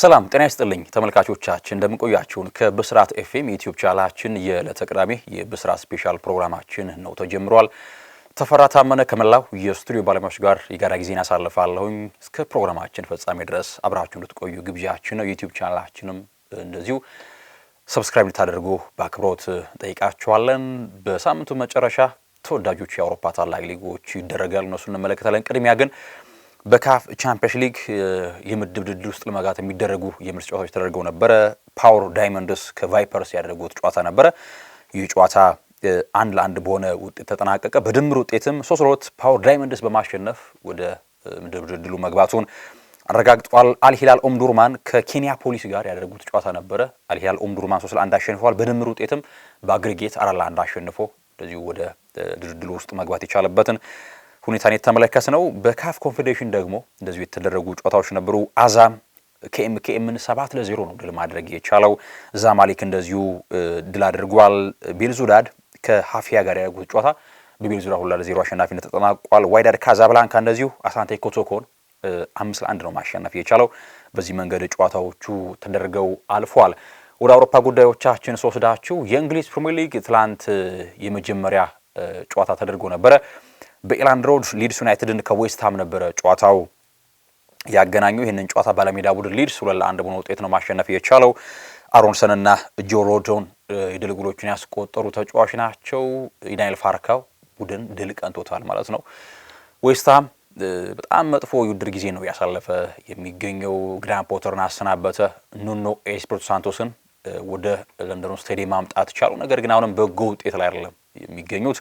ሰላም ጤና ይስጥልኝ ተመልካቾቻችን፣ እንደምንቆያችሁን ከብስራት ኤፍኤም የዩትዩብ ቻናላችን የዕለተ ቅዳሜ የብስራት ስፔሻል ፕሮግራማችን ነው ተጀምሯል። ተፈራ ታመነ ከመላው የስቱዲዮ ባለሙያዎች ጋር የጋራ ጊዜን አሳልፋለሁኝ። እስከ ፕሮግራማችን ፍጻሜ ድረስ አብራችሁ እንድትቆዩ ግብዣችን ነው። የዩትዩብ ቻናላችንም እንደዚሁ ሰብስክራይብ እንድታደርጉ በአክብሮት ጠይቃችኋለን። በሳምንቱ መጨረሻ ተወዳጆቹ የአውሮፓ ታላቅ ሊጎች ይደረጋል። እነሱ እንመለከታለን። ቅድሚያ ግን በካፍ ቻምፒየንስ ሊግ የምድብ ድድል ውስጥ ለመጋት የሚደረጉ የምርስ ጨዋታዎች ተደርገው ነበረ። ፓወር ዳይመንድስ ከቫይፐርስ ያደረጉት ጨዋታ ነበረ። ይህ ጨዋታ አንድ ለአንድ በሆነ ውጤት ተጠናቀቀ። በድምር ውጤትም ሶስት ለሁለት ፓወር ዳይመንድስ በማሸነፍ ወደ ምድብ ድድሉ መግባቱን አረጋግጧል። አልሂላል ኦምዱርማን ከኬንያ ፖሊስ ጋር ያደረጉት ጨዋታ ነበረ። አልሂላል ኦምዱርማን ሶስት ለአንድ አሸንፈዋል። በድምር ውጤትም በአግሪጌት አራት ለአንድ አሸንፎ እንደዚሁ ወደ ድድሉ ውስጥ መግባት የቻለበትን ሁኔታን የተመለከት ነው። በካፍ ኮንፌዴሬሽን ደግሞ እንደዚሁ የተደረጉ ጨዋታዎች ነበሩ። አዛም ኬኤምኬኤምን ሰባት ለዜሮ ነው ድል ማድረግ የቻለው። ዛማሊክ እንደዚሁ ድል አድርጓል። ቤልዙዳድ ከሀፊያ ጋር ያደረጉት ጨዋታ በቤልዙዳድ ሁላ ለዜሮ አሸናፊነት ተጠናቋል። ዋይዳድ ካዛብላንካ እንደዚሁ አሳንቴ ኮቶኮን አምስት ለአንድ ነው ማሸነፍ የቻለው። በዚህ መንገድ ጨዋታዎቹ ተደርገው አልፏል። ወደ አውሮፓ ጉዳዮቻችን ስወስዳችሁ የእንግሊዝ ፕሪሚየር ሊግ ትላንት የመጀመሪያ ጨዋታ ተደርጎ ነበረ። በኢላንድ ሮድ ሊድስ ዩናይትድን ከዌስትሃም ነበረ ጨዋታው ያገናኘው። ይህንን ጨዋታ ባለሜዳ ቡድን ሊድስ ሁለት ለአንድ በሆነ ውጤት ነው ማሸነፍ የቻለው። አሮንሰንና ጆ ሮዶን የድል ጎሎችን ያስቆጠሩ ተጫዋች ናቸው። ኢዳይል ፋርካው ቡድን ድል ቀንቶታል ማለት ነው። ዌስትሃም በጣም መጥፎ የውድድር ጊዜ ነው እያሳለፈ የሚገኘው። ግራን ፖተርን አሰናበተ። ኑኖ ኤስፒሪቶ ሳንቶስን ወደ ለንደኑ ስቴዲየም ማምጣት ቻሉ። ነገር ግን አሁንም በጎ ውጤት ላይ አይደለም የሚገኙት።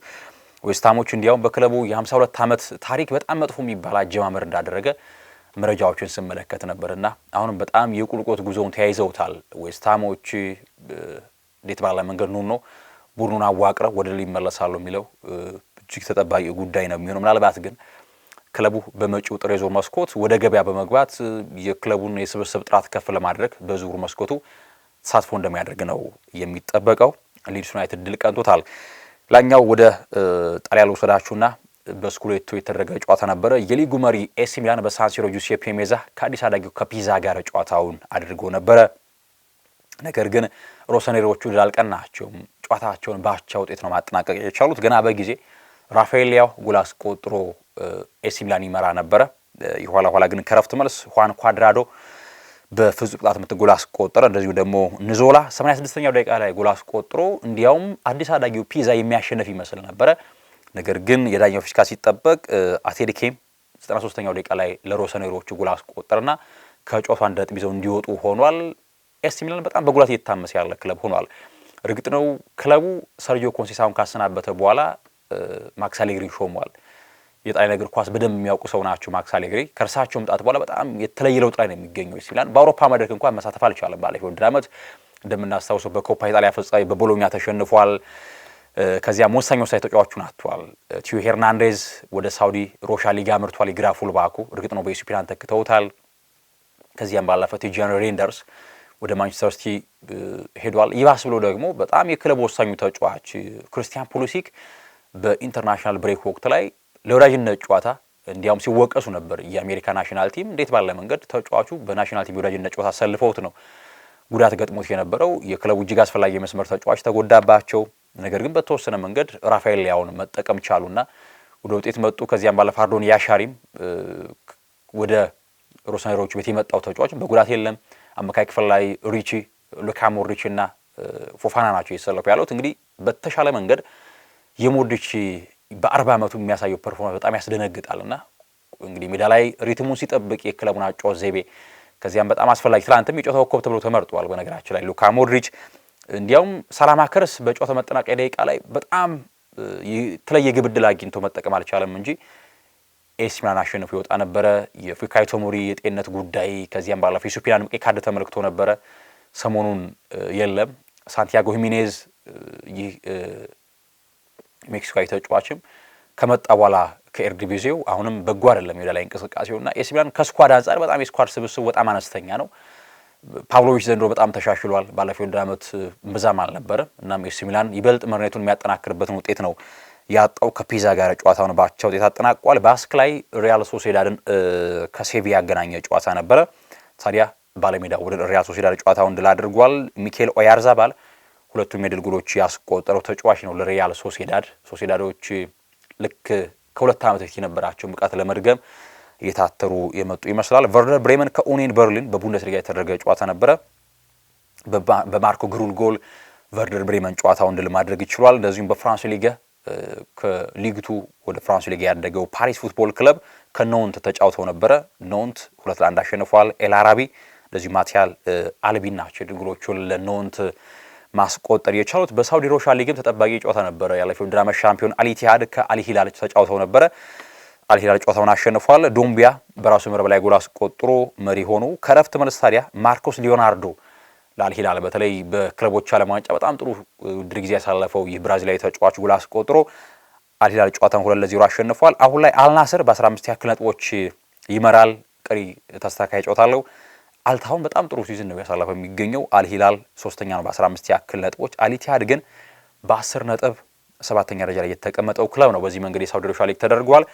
ዌስትሃሞች እንዲያውም በክለቡ የ52 ዓመት ታሪክ በጣም መጥፎ የሚባል አጀማመር እንዳደረገ መረጃዎችን ስመለከት ነበርና አሁንም በጣም የቁልቆት ጉዞውን ተያይዘውታል። ዌስትሃሞች እንዴት ባለ መንገድ ኑኖ ቡድኑን አዋቅረው ወደ ድል ይመለሳሉ የሚለው እጅግ ተጠባቂ ጉዳይ ነው የሚሆነው። ምናልባት ግን ክለቡ በመጪው ጥር የዞር መስኮት ወደ ገበያ በመግባት የክለቡን የስብስብ ጥራት ከፍ ለማድረግ በዙር መስኮቱ ተሳትፎ እንደሚያደርግ ነው የሚጠበቀው። ሊድስ ዩናይትድ ድል ቀንቶታል። ላኛው ወደ ጣሊያን ልውሰዳችሁና በስኩሌቶ የተደረገ ጨዋታ ነበረ። የሊጉ መሪ ኤሲ ሚላን በሳንሲሮ ጁሴፔ ሜዛ ከአዲስ አዳጊው ከፒዛ ጋር ጨዋታውን አድርጎ ነበረ። ነገር ግን ሮሰኔሪዎቹ ላልቀናቸውም ጨዋታቸውን በአቻ ውጤት ነው ማጠናቀቅ የቻሉት። ገና በጊዜ ራፋኤል ሊያው ጎል አስቆጥሮ ኤሲ ሚላን ይመራ ነበረ። የኋላ ኋላ ግን ከረፍት መልስ ሁዋን ኳድራዶ በፍጹም ቅጣት ምት ጎል አስቆጠረ። እንደዚሁ ደግሞ ንዞላ 86ኛው ደቂቃ ላይ ጎል አስቆጥሮ እንዲያውም አዲስ አዳጊው ፒዛ የሚያሸነፍ ይመስል ነበረ። ነገር ግን የዳኛው ፊሽካ ሲጠበቅ አቴሪኬም 93ኛው ደቂቃ ላይ ለሮሰኔሮቹ ጎል አስቆጠረና ከጮቷ እንደ ነጥብ ይዘው እንዲወጡ ሆኗል። ኤሲ ሚላን በጣም በጉዳት እየታመሰ ያለ ክለብ ሆኗል። እርግጥ ነው ክለቡ ሰርጂዮ ኮንሴሳውን ካሰናበተ በኋላ ማክስ አሌግሪን ሾሟል። የጣሊያን እግር ኳስ በደንብ የሚያውቁ ሰው ናቸው። ማክስ አሌግሪ ከእርሳቸው መምጣት በኋላ በጣም የተለየ ለውጥ ላይ ነው የሚገኘው። ኤሲ ሚላን በአውሮፓ መድረክ እንኳን መሳተፍ አልቻለም። ባለፈው ውድድር ዓመት እንደምናስታውሰው በኮፓ ኢጣሊያ ፍጻሜ በቦሎኛ ተሸንፏል። ከዚያም ወሳኝ ወሳኝ ተጫዋቹን አጥቷል። ቲዮ ሄርናንዴዝ ወደ ሳውዲ ሮሻ ሊጋ ምርቷል። የግራ ፉልባኩ እርግጥ ነው በኤሲ ሚላን ተክተውታል። ከዚያም ባለፈ ቲጃን ሬንደርስ ወደ ማንቸስተር ሲቲ ሄዷል። ይባስ ብሎ ደግሞ በጣም የክለብ ወሳኙ ተጫዋች ክርስቲያን ፑሊሲክ በኢንተርናሽናል ብሬክ ወቅት ላይ ለወዳጅነት ጨዋታ እንዲያውም ሲወቀሱ ነበር። የአሜሪካ ናሽናል ቲም እንዴት ባለ መንገድ ተጫዋቹ በናሽናል ቲም የወዳጅነት ጨዋታ አሰልፈውት ነው ጉዳት ገጥሞት የነበረው የክለቡ እጅግ አስፈላጊ የመስመር ተጫዋች ተጎዳባቸው። ነገር ግን በተወሰነ መንገድ ራፋኤል ሊያውን መጠቀም ቻሉና ወደ ውጤት መጡ። ከዚያም ባለፈ አርዶን ያሻሪም ወደ ሮሰኔሮቹ ቤት የመጣው ተጫዋች በጉዳት የለም። አማካይ ክፍል ላይ ሪቺ ሉካ ሪቺ እና ፎፋና ናቸው የተሰለፉ ያሉት። እንግዲህ በተሻለ መንገድ የሞድሪች በአርባ ዓመቱ የሚያሳየው ፐርፎርማንስ በጣም ያስደነግጣል እና እንግዲህ ሜዳ ላይ ሪትሙን ሲጠብቅ የክለቡን አጨዋወት ዘይቤ ከዚያም በጣም አስፈላጊ ትላንትም የጨዋታው ኮከብ ተብሎ ተመርጧል። በነገራችን ላይ ሉካ ሞድሪች እንዲያውም ሳላማከርስ በጨዋታው መጠናቀቂያ ደቂቃ ላይ በጣም የተለየ ግብ ዕድል አግኝቶ መጠቀም አልቻለም እንጂ ኤሲ ሚላን አሸንፎ ይወጣ ነበረ። የፉካዮ ቶሞሪ የጤንነት ጉዳይ ከዚያም ባለፈው የሱፒናን ቀይ ካርድ ተመልክቶ ነበረ። ሰሞኑን የለም። ሳንቲያጎ ሂሜኔዝ ይህ ሜክሲካዊ ተጫዋችም ከመጣ በኋላ ከኤርዲቪዜው አሁንም በጎ አይደለም ሜዳ ላይ እንቅስቃሴውና ኤሲ ሚላን ከስኳድ አንጻር በጣም የስኳድ ስብስብ በጣም አነስተኛ ነው። ፓብሎቪች ዘንድሮ በጣም ተሻሽሏል። ባለፈው ወደ ዓመት ብዛም አልነበረም። እናም ኤሲ ሚላን ይበልጥ መሪነቱን የሚያጠናክርበትን ውጤት ነው ያጣው። ከፒዛ ጋር ጨዋታውን ባቻ ውጤት አጠናቋል። ባስክ ላይ ሪያል ሶሴዳድን ከሴቪያ ያገናኘ ጨዋታ ነበረ። ታዲያ ባለሜዳ ወደ ሪያል ሶሴዳድ ጨዋታውን ድል አድርጓል። ሚኬል ኦያርዛባል ሁለቱም የድል ጎሎች ያስቆጠረው ተጫዋች ነው ለሪያል ሶሴዳድ። ሶሴዳዶች ልክ ከሁለት ዓመት በፊት የነበራቸው ብቃት ለመድገም እየታተሩ የመጡ ይመስላል። ቨርነር ብሬመን ከኡኔን በርሊን በቡንደስሊጋ የተደረገ ጨዋታ ነበረ። በማርኮ ግሩል ጎል ቨርደር ብሬመን ጨዋታውን ድል ማድረግ ይችሏል። እንደዚሁም በፍራንስ ሊገ ከሊግቱ ወደ ፍራንስ ሊግ ያደገው ፓሪስ ፉትቦል ክለብ ከኖንት ተጫውተው ነበረ። ኖንት ሁለት ለአንድ አሸንፏል። ኤል አራቢ እንደዚሁ ማቲያል አልቢ ናቸው ድል ለኖንት ማስቆጠር የቻሉት። በሳውዲ ሮሻ ሊግም ተጠባቂ ጨዋታ ነበረ። ያለፈው ድራማ ዓመት ሻምፒዮን አልኢቲሃድ ከአልሂላል ተጫውተው ነበረ። አልሂላል ጨዋታውን አሸንፏል። ዶምቢያ በራሱ መረብ ላይ ጎል አስቆጥሮ መሪ ሆኑ። ከረፍት መልስ ታዲያ ማርኮስ ሊዮናርዶ ለአልሂላል በተለይ በክለቦች ዓለም ዋንጫ በጣም ጥሩ ድር ጊዜ ያሳለፈው ይህ ብራዚላዊ ተጫዋች ጎል አስቆጥሮ አልሂላል ጨዋታን ሁለት ለዜሮ አሸንፏል። አሁን ላይ አልናስር በ15 ያክል ነጥቦች ይመራል። ቀሪ ተስተካካይ ጨዋታ አለው። አልታሁን በጣም ጥሩ ሲዝን ነው ያሳለፈው የሚገኘው አልሂላል ሶስተኛ ነው በ15 ያክል ነጥቦች። አልኢቲሃድ ግን በ10 ነጥብ ሰባተኛ ደረጃ ላይ የተቀመጠው ክለብ ነው። በዚህ መንገድ የሳውዲ ሊግ ተደርጓል።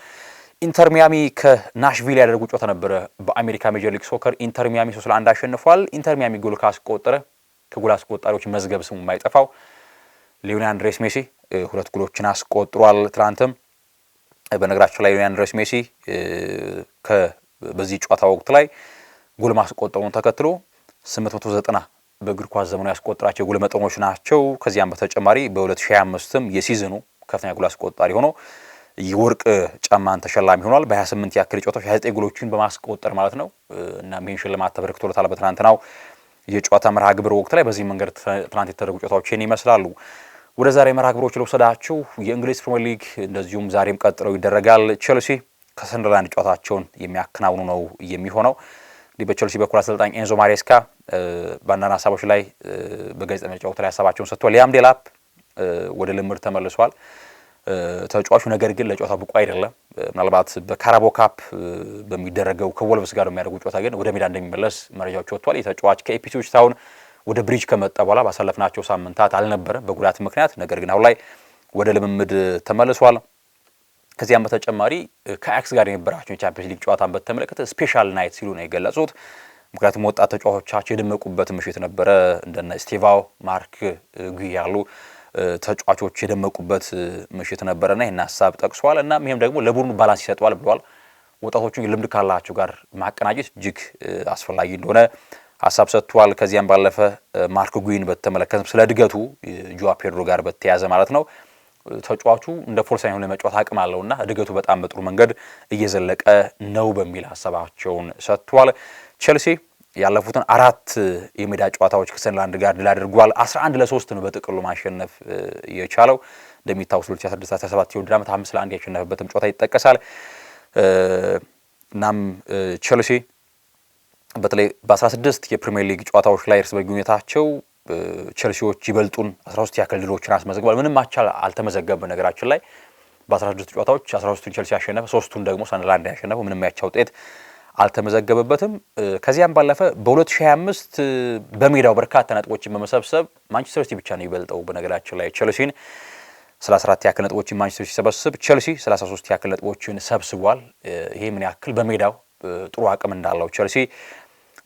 ኢንተር ሚያሚ ከናሽቪል ያደረጉ ጨዋታ ነበረ በአሜሪካ ሜጀር ሊግ ሶከር ኢንተር ሚያሚ ሶስት ለአንድ አሸንፏል። ኢንተር ሚያሚ ጎል ካስቆጠረ ከጎል አስቆጣሪዎች መዝገብ ስሙ የማይጠፋው ሊዮኔል አንድሬስ ሜሲ ሁለት ጎሎችን አስቆጥሯል። ትናንትም በነገራችን ላይ ሊዮኔል አንድሬስ ሜሲ በዚህ ጨዋታ ወቅት ላይ ጎል ማስቆጠሩን ተከትሎ 890 በእግር ኳስ ዘመኑ ያስቆጠራቸው የጎል መጠኖች ናቸው። ከዚያም በተጨማሪ በ2025ም የሲዝኑ ከፍተኛ ጎል አስቆጣሪ ሆኖ የወርቅ ጫማን ተሸላሚ ሆኗል። በ28 ያክል ጨዋታዎች 29 ጎሎችን በማስቆጠር ማለት ነው እና ይህን ሽልማት ተበርክቶለታል በትናንትናው የጨዋታ መርሃ ግብር ወቅት ላይ። በዚህ መንገድ ትናንት የተደረጉ ጨዋታዎችን ይመስላሉ። ወደ ዛሬ መርሃ ግብሮች ልውሰዳችሁ። የእንግሊዝ ፕሪምየር ሊግ እንደዚሁም ዛሬም ቀጥለው ይደረጋል። ቼልሲ ከሰንደርላንድ ጨዋታቸውን የሚያከናውኑ ነው የሚሆነው። እንዲህ በቸልሲ በኩል አሰልጣኝ ኤንዞ ማሬስካ በአንዳንድ ሀሳቦች ላይ በጋዜጣዊ መግለጫ ላይ ሀሳባቸውን ሰጥቷል። ሊያም ዴላፕ ወደ ልምድ ተመልሷል ተጫዋቹ ነገር ግን ለጨዋታ ብቁ አይደለም። ምናልባት በካራቦ ካፕ በሚደረገው ከወልቭስ ጋር የሚያደርጉ ጨዋታ ግን ወደ ሜዳ እንደሚመለስ መረጃዎች ወጥቷል። የተጫዋች ከኤፒሶች ታውን ወደ ብሪጅ ከመጣ በኋላ ባሳለፍናቸው ሳምንታት አልነበረም በጉዳት ምክንያት። ነገር ግን አሁን ላይ ወደ ልምምድ ተመልሷል። ከዚያም በተጨማሪ ከአያክስ ጋር የነበራቸውን የቻምፒየንስ ሊግ ጨዋታን በተመለከተ ስፔሻል ናይት ሲሉ ነው የገለጹት። ምክንያቱም ወጣት ተጫዋቾቻቸው የደመቁበት ምሽት ነበረ። እንደነ ስቴቫው ማርክ ጉ ያሉ ተጫዋቾች የደመቁበት ምሽት ነበረና ይህን ሀሳብ ጠቅሷል። እና ይህም ደግሞ ለቡድኑ ባላንስ ይሰጠዋል ብለዋል። ወጣቶቹን ልምድ ካላቸው ጋር ማቀናጀት እጅግ አስፈላጊ እንደሆነ ሀሳብ ሰጥቷል። ከዚያም ባለፈ ማርክ ጉይን በተመለከተም ስለ እድገቱ ጆዋ ፔድሮ ጋር በተያያዘ ማለት ነው ተጫዋቹ እንደ ፎርሳ የሆነ መጫወት አቅም አለውና እድገቱ በጣም በጥሩ መንገድ እየዘለቀ ነው በሚል ሀሳባቸውን ሰጥቷል። ቼልሲ ያለፉትን አራት የሜዳ ጨዋታዎች ከሰንላንድ ጋር ድል አድርጓል። 11 ለ3 ነው በጥቅሉ ማሸነፍ የቻለው። እንደሚታወስ 2016/17 የውድድር ዓመት 5 ለ1 ያሸነፈበትም ጨዋታ ይጠቀሳል። እናም ቼልሲ በተለይ በ16 የፕሪሚየር ሊግ ጨዋታዎች ላይ እርስ ሁኔታቸው ቸልሲዎች ይበልጡን 13 ያክል ድሎችን አስመዝግቧል። ምንም አቻ አልተመዘገበም። ነገራችን ላይ በ16 ጨዋታዎች 13ቱን ቸልሲ ያሸነፈ፣ ሶስቱን ደግሞ ሰንደርላንድ ያሸነፈ ምንም ያቻ ውጤት አልተመዘገበበትም። ከዚያም ባለፈ በ2025 በሜዳው በርካታ ነጥቦችን በመሰብሰብ ማንቸስተር ሲቲ ብቻ ነው ይበልጠው በነገራችን ላይ ቸልሲን 34 ያክል ነጥቦችን ማንቸስተር ሲሰበስብ ቸልሲ 33 ያክል ነጥቦችን ሰብስቧል። ይሄ ምን ያክል በሜዳው ጥሩ አቅም እንዳለው ቸልሲ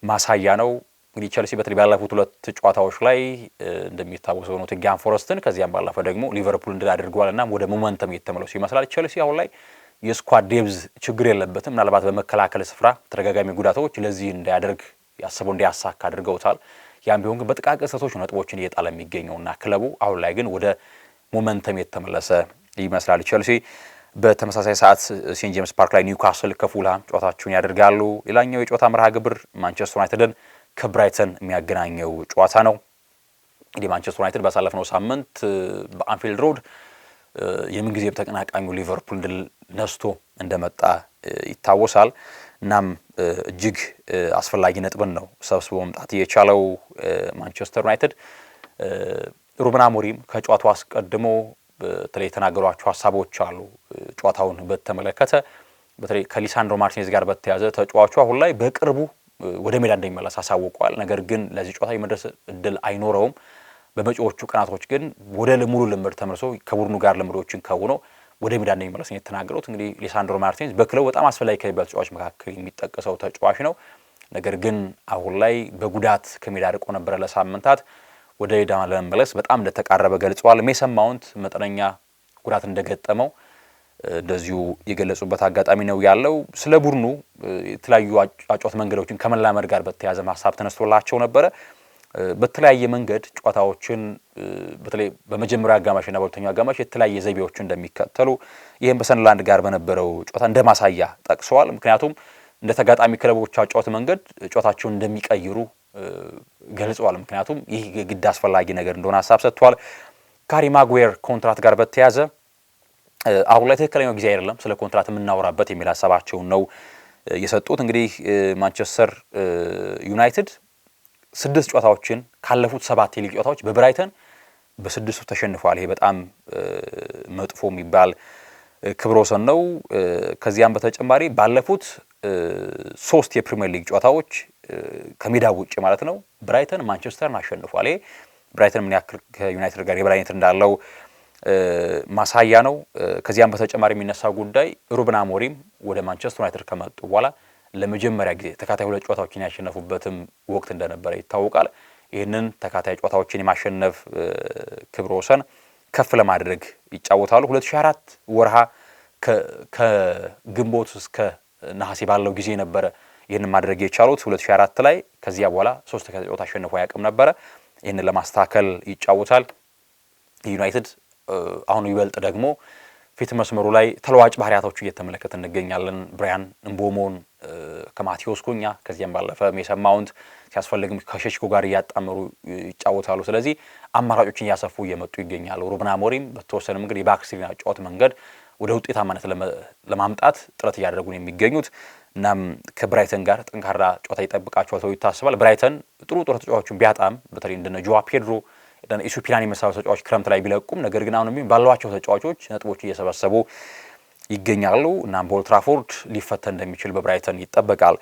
ማሳያ ነው። እንግዲህ ቸልሲ በተለይ ባለፉት ሁለት ጨዋታዎች ላይ እንደሚታወሰው ነው ኖቲንግሃም ፎረስትን ከዚያም ባለፈ ደግሞ ሊቨርፑል እንድል አድርገዋል እና ወደ ሞመንተም እየተመለሱ ይመስላል። ቸልሲ አሁን ላይ የስኳድ ዴብዝ ችግር የለበትም። ምናልባት በመከላከል ስፍራ ተደጋጋሚ ጉዳቶች ለዚህ እንዳያደርግ ያስበው እንዲያሳካ አድርገውታል። ያም ቢሆን ግን በጥቃቅ ስህተቶች ነጥቦችን እየጣለ የሚገኘውና ክለቡ አሁን ላይ ግን ወደ ሞመንተም የተመለሰ ይመስላል ቸልሲ። በተመሳሳይ ሰዓት ሴንት ጄምስ ፓርክ ላይ ኒውካስል ከፉልሃም ጨዋታቸውን ያደርጋሉ። ሌላኛው የጨዋታ መርሃ ግብር ማንቸስተር ዩናይትድን ከብራይተን የሚያገናኘው ጨዋታ ነው። እንግዲህ ማንቸስተር ዩናይትድ ባሳለፍነው ሳምንት በአንፊልድ ሮድ የምንጊዜ ተቀናቃኙ ሊቨርፑል ድል ነስቶ እንደመጣ ይታወሳል። እናም እጅግ አስፈላጊ ነጥብን ነው ሰብስቦ መምጣት የቻለው ማንቸስተር ዩናይትድ። ሩበን አሞሪም ከጨዋታው አስቀድሞ በተለይ የተናገሯቸው ሀሳቦች አሉ። ጨዋታውን በተመለከተ በተለይ ከሊሳንድሮ ማርቲኔዝ ጋር በተያዘ ተጫዋቹ አሁን ላይ በቅርቡ ወደ ሜዳ እንደሚመለስ አሳውቋል። ነገር ግን ለዚህ ጨዋታ የመድረስ እድል አይኖረውም። በመጪዎቹ ቀናቶች ግን ወደ ሙሉ ልምድ ተመልሶ ከቡድኑ ጋር ልምዶችን ከውኖ ወደ ሜዳ እንደሚመለስ ነው የተናገሩት። እንግዲህ ሊሳንድሮ ማርቲንስ በክለው በጣም አስፈላጊ ከሚባሉ ተጫዋች መካከል የሚጠቀሰው ተጫዋች ነው። ነገር ግን አሁን ላይ በጉዳት ከሜዳ ርቆ ነበረ ለሳምንታት ወደ ሜዳ ለመመለስ በጣም እንደተቃረበ ገልጸዋል። ሜሰን ማውንት መጠነኛ ጉዳት እንደገጠመው እንደዚሁ የገለጹበት አጋጣሚ ነው ያለው። ስለ ቡድኑ የተለያዩ አጫወት መንገዶችን ከመላመድ ጋር በተያያዘ ሀሳብ ተነስቶላቸው ነበረ። በተለያየ መንገድ ጨዋታዎችን በተለይ በመጀመሪያ አጋማሽ አጋማሽና በሁለተኛው አጋማሽ የተለያየ ዘይቤዎች እንደሚከተሉ ይህም በሰንላንድ ጋር በነበረው ጨዋታ እንደ ማሳያ ጠቅሰዋል። ምክንያቱም እንደ ተጋጣሚ ክለቦች አጫወት መንገድ ጨዋታቸውን እንደሚቀይሩ ገልጸዋል። ምክንያቱም ይህ ግድ አስፈላጊ ነገር እንደሆነ ሀሳብ ሰጥተዋል። ካሪ ማጉዌር ኮንትራት ጋር በተያያዘ አሁን ላይ ትክክለኛው ጊዜ አይደለም ስለ ኮንትራት የምናወራበት የሚል ሀሳባቸውን ነው የሰጡት። እንግዲህ ማንቸስተር ዩናይትድ ስድስት ጨዋታዎችን ካለፉት ሰባት የሊግ ጨዋታዎች በብራይተን በስድስቱ ተሸንፏል። ይሄ በጣም መጥፎ የሚባል ክብረ ወሰን ነው። ከዚያም በተጨማሪ ባለፉት ሶስት የፕሪምየር ሊግ ጨዋታዎች ከሜዳ ውጭ ማለት ነው ብራይተን ማንቸስተርን አሸንፏል። ይሄ ብራይተን ምን ያክል ከዩናይትድ ጋር የበላይነት እንዳለው ማሳያ ነው። ከዚያም በተጨማሪ የሚነሳው ጉዳይ ሩበን አሞሪም ወደ ማንቸስተር ዩናይትድ ከመጡ በኋላ ለመጀመሪያ ጊዜ ተካታይ ሁለት ጨዋታዎችን ያሸነፉበትም ወቅት እንደነበረ ይታወቃል። ይህንን ተካታይ ጨዋታዎችን የማሸነፍ ክብረ ወሰን ከፍ ለማድረግ ይጫወታሉ። 2004 ወርሃ ከግንቦት እስከ ነሐሴ ባለው ጊዜ ነበረ ይህንን ማድረግ የቻሉት 2004 ላይ። ከዚያ በኋላ ሶስት ተከታታይ ጨዋታ አሸንፎ አያውቅም ነበረ። ይህንን ለማስተካከል ይጫወታል። ዩናይትድ አሁን ይበልጥ ደግሞ ፊት መስመሩ ላይ ተለዋጭ ባህሪያቶቹ እየተመለከት እንገኛለን። ብሪያን እምቦሞን ከማቴዎስ ኩኛ ከዚያም ባለፈ ሜሰን ማውንት ሲያስፈልግም ከሸሽኮ ጋር እያጣመሩ ይጫወታሉ። ስለዚህ አማራጮችን እያሰፉ እየመጡ ይገኛሉ። ሩበን አሞሪም በተወሰነ እንግዲህ የባክስሪ ጨዋት መንገድ ወደ ውጤታማነት ለማምጣት ጥረት እያደረጉ ነው የሚገኙት። እናም ከብራይተን ጋር ጠንካራ ጨዋታ ይጠብቃቸዋል ተብሎ ይታሰባል። ብራይተን ጥሩ ጥሩ ተጫዋቾችን ቢያጣም በተለይ እንደነ ጆዋ ፔድሮ ኢሱፒናን የመሳሰሉ ተጫዋች ክረምት ላይ ቢለቁም ነገር ግን አሁንም ባሏቸው ተጫዋቾች ነጥቦች እየሰበሰቡ ይገኛሉ። እናም በኦልድ ሊፈተን እንደሚችል በብራይተን ይጠበቃል።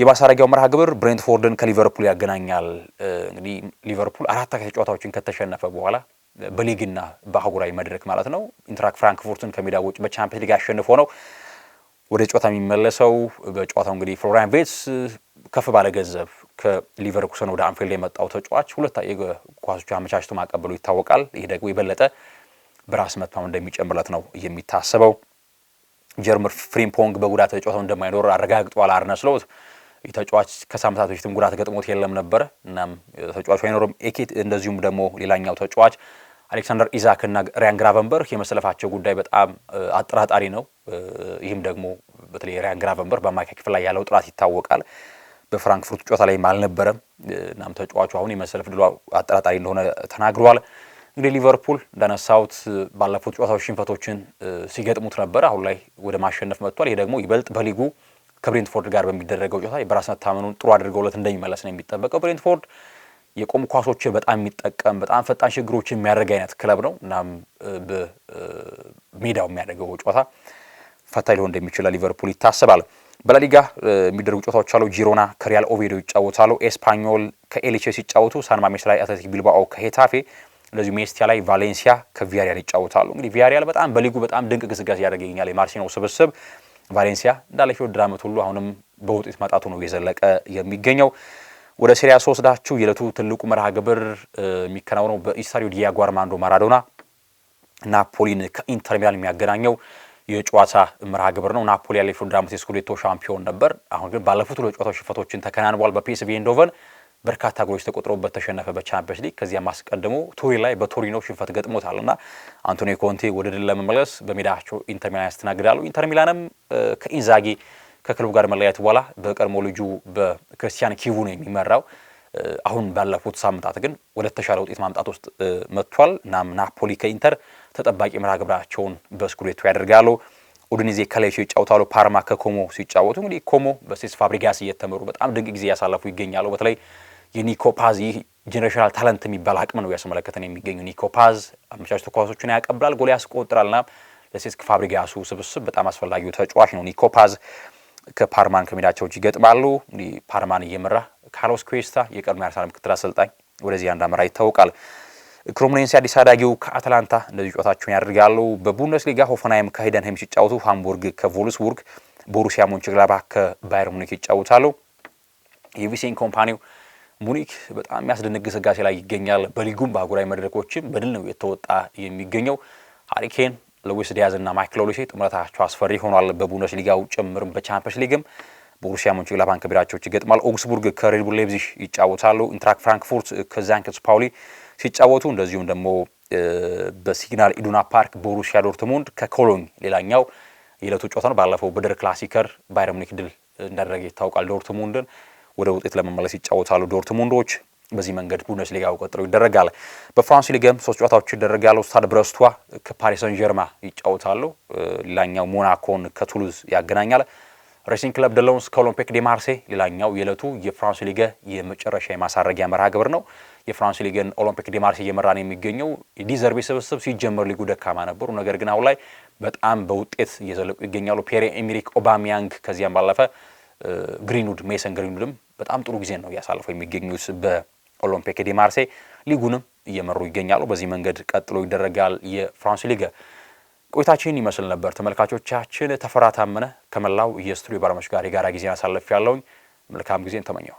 የማሳረጊያው መርሃ ግብር ብሬንትፎርድን ከሊቨርፑል ያገናኛል። እንግዲህ ሊቨርፑል አራት ተከታታይ ጨዋታዎችን ከተሸነፈ በኋላ በሊግና በአህጉራዊ መድረክ ማለት ነው ኢንትራክ ፍራንክፉርትን ከሜዳ ውጭ በቻምፒየንስ ሊግ ያሸንፎ ነው ወደ ጨዋታ የሚመለሰው። በጨዋታው እንግዲህ ፍሎሪያን ቬትስ ከፍ ባለ ገንዘብ ከሊቨርኩሰን ወደ አንፊልድ የመጣው ተጫዋች ሁለት ኳሶች አመቻችቶ ማቀበሉ ይታወቃል። ይህ ደግሞ የበለጠ በራስ መታመን እንደሚጨምርለት ነው የሚታሰበው። ጀርመን ፍሪምፖንግ በጉዳት ተጫዋታው እንደማይኖር አረጋግጧል። አርነ ስሎት ተጫዋች ከሳምንታት በፊትም ጉዳት ገጥሞት የለም ነበር። እናም ተጫዋቹ አይኖርም። ኤኬት እንደዚሁም ደግሞ ሌላኛው ተጫዋች አሌክሳንደር ኢዛክ እና ሪያን ግራቨንበርግ የመሰለፋቸው ጉዳይ በጣም አጠራጣሪ ነው። ይህም ደግሞ በተለይ ሪያን ግራቨንበርግ በአማካይ ክፍል ላይ ያለው ጥራት ይታወቃል። በፍራንክፉርት ጨዋታ ላይም አልነበረም። እናም ተጫዋቹ አሁን የመሰለፍ ድሉ አጠራጣሪ እንደሆነ ተናግሯል። እንግዲህ ሊቨርፑል እንዳነሳሁት ባለፉት ጨዋታዎች ሽንፈቶችን ሲገጥሙት ነበር። አሁን ላይ ወደ ማሸነፍ መጥቷል። ይህ ደግሞ ይበልጥ በሊጉ ከብሬንትፎርድ ጋር በሚደረገው ጨዋታ በራስ መታመኑን ጥሩ አድርገውለት እንደሚመለስ ነው የሚጠበቀው። ብሬንትፎርድ የቆም ኳሶች በጣም የሚጠቀም በጣም ፈጣን ሽግግሮችን የሚያደርግ አይነት ክለብ ነው። እናም በሜዳው የሚያደርገው ጨዋታ ፈታኝ ሊሆን እንደሚችል ሊቨርፑል ይታሰባል። በላሊጋ የሚደረጉ ጨዋታዎች አሉ። ጂሮና ከሪያል ኦቬዶ ይጫወታሉ። ኤስፓኞል ከኤልቼ ሲጫወቱ፣ ሳንማሜስ ላይ አትሌቲክ ቢልባኦ ከሄታፌ እንደዚሁ ሜስቲያ ላይ ቫሌንሲያ ከቪያሪያል ይጫወታሉ። እንግዲህ ቪያሪያል በጣም በሊጉ በጣም ድንቅ ግስጋሴ እያደረገ ይገኛል። የማርሲኖ ስብስብ ቫሌንሲያ እንዳለፈው የውድድር ዓመት ሁሉ አሁንም በውጤት ማጣቱ ነው እየዘለቀ የሚገኘው። ወደ ሴሪያ ስወስዳችሁ የዕለቱ ትልቁ መርሃ ግብር የሚከናወነው በኢስታዲዮ ዲያጎ አርማንዶ ማራዶና ናፖሊን ከኢንተር ሚላን የሚያገናኘው የጨዋታ ምርሃ ግብር ነው። ናፖሊ ያለፈው ፍርዳምት የስኩዴቶ ሻምፒዮን ነበር። አሁን ግን ባለፉት ሁለት ጨዋታዎች ሽንፈቶችን ተከናንቧል። በፒኤስቪ ኤንዶቨን በርካታ ጎሎች ተቆጥሮበት ተሸነፈ በቻምፒዮንስ ሊግ። ከዚያም አስቀድሞ ቱሪ ላይ በቶሪኖ ሽንፈት ገጥሞታል እና አንቶኒዮ ኮንቴ ወደ ድል ለመመለስ በሜዳቸው ኢንተር ሚላን ያስተናግዳሉ። ኢንተር ሚላንም ከኢንዛጊ ከክለቡ ጋር መለያየት በኋላ በቀድሞ ልጁ በክርስቲያን ኪቡ ነው የሚመራው አሁን ባለፉት ሳምንታት ግን ወደ ተሻለ ውጤት ማምጣት ውስጥ መጥቷል። እናም ናፖሊ ከኢንተር ተጠባቂ መርሃ ግብራቸውን በስኩዴቶ ያደርጋሉ። ኡድኒዜ ከላይሲዮ ይጫወታሉ። ፓርማ ከኮሞ ሲጫወቱ እንግዲህ ኮሞ በሴስ ፋብሪጋስ እየተመሩ በጣም ድንቅ ጊዜ ያሳለፉ ይገኛሉ። በተለይ የኒኮ ፓዝ ይህ ጀኔሬሽናል ታለንት የሚባል አቅም ነው እያስመለከተን የሚገኙ ኒኮ ፓዝ አመቻችቶ ኳሶቹን ያቀብላል፣ ጎል ያስቆጥራል። ና ለሴስክ ፋብሪጋሱ ስብስብ በጣም አስፈላጊው ተጫዋች ነው ኒኮ ፓዝ። ከፓርማን ከሜዳቸው ውጭ ይገጥማሉ። እንግዲህ ፓርማን እየመራ ካርሎስ ኩዌስታ የቀድሞ የአርሰናል ምክትል አሰልጣኝ ወደዚህ እንዳመራ ይታወቃል። ክሮምሬንሲ አዲስ አዳጊው ከአትላንታ እንደዚህ ጨዋታቸውን ያደርጋሉ። በቡንደስሊጋ ሆፈንሃይም ከሂደንሄም ሲጫወቱ፣ ሃምቡርግ ከቮልስቡርግ፣ ቦሩሲያ ሞንችግላባ ከባየር ሙኒክ ይጫወታሉ። የቪሴን ኮምፓኒው ሙኒክ በጣም የሚያስደንቅ ግስጋሴ ላይ ይገኛል። በሊጉም በአህጉራዊ መድረኮችም በድል ነው የተወጣ የሚገኘው። ሃሪኬን ሉዊስ ዲያዝ እና ማይክል ኦሊሴ ጥምረታቸው አስፈሪ ሆኗል። በቡንደስሊጋው ጭምርም በቻምፒየንስ ሊግም ቦሩሲያ ሞንቸንግላድባች ከቢራቸዎች ይገጥማል። ኦግስቡርግ ከሬድቡል ሌብዚሽ ይጫወታሉ። ኢንትራክ ፍራንክፉርት ከዛንክስ ፓውሊ ሲጫወቱ፣ እንደዚሁም ደግሞ በሲግናል ኢዱና ፓርክ ቦሩሲያ ዶርትሙንድ ከኮሎኝ ሌላኛው የዕለቱ ጨዋታ ነው። ባለፈው በደር ክላሲከር ባየር ሙኒክ ድል እንዳደረገ ይታወቃል። ዶርትሙንድን ወደ ውጤት ለመመለስ ይጫወታሉ ዶርትሙንዶች። በዚህ መንገድ ሊጋው ቀጥሎ ይደረጋል። በፍራንስ ሊግም ሶስት ጨዋታዎች ይደረጋሉ። ስታድ ብረስቷ ከፓሪስ ሰን ጀርማ ይጫወታሉ። ሌላኛው ሞናኮን ከቱሉዝ ያገናኛል። ሬሲንግ ክለብ ደሎንስ ከኦሎምፒክ ዴ ማርሴ ሌላኛው የዕለቱ የፍራንስ ሊገ የመጨረሻ የማሳረጊያ መርሃ ግብር ነው። የፍራንስ ሊገን ኦሎምፒክ ዴ ማርሴ እየመራ ነው የሚገኘው። ዲዘርቤ ስብስብ ሲጀመር ሊጉ ደካማ ነበሩ፣ ነገር ግን አሁን ላይ በጣም በውጤት እየዘለቁ ይገኛሉ። ፔሬ ኤሚሪክ ኦባሚያንግ ከዚያም ባለፈ ግሪንውድ ሜሰን ግሪንውድም በጣም ጥሩ ጊዜ ነው እያሳልፈው የሚገኙት በኦሎምፒክ ዴ ማርሴ ሊጉንም እየመሩ ይገኛሉ። በዚህ መንገድ ቀጥሎ ይደረጋል የፍራንስ ሊገ ቆይታችን ይመስል ነበር። ተመልካቾቻችን ተፈራ ታመነ ከመላው የስቱዲዮ ባለሙያዎች ጋር የጋራ ጊዜ አሳልፍ ያለውኝ መልካም ጊዜን ተመኘው።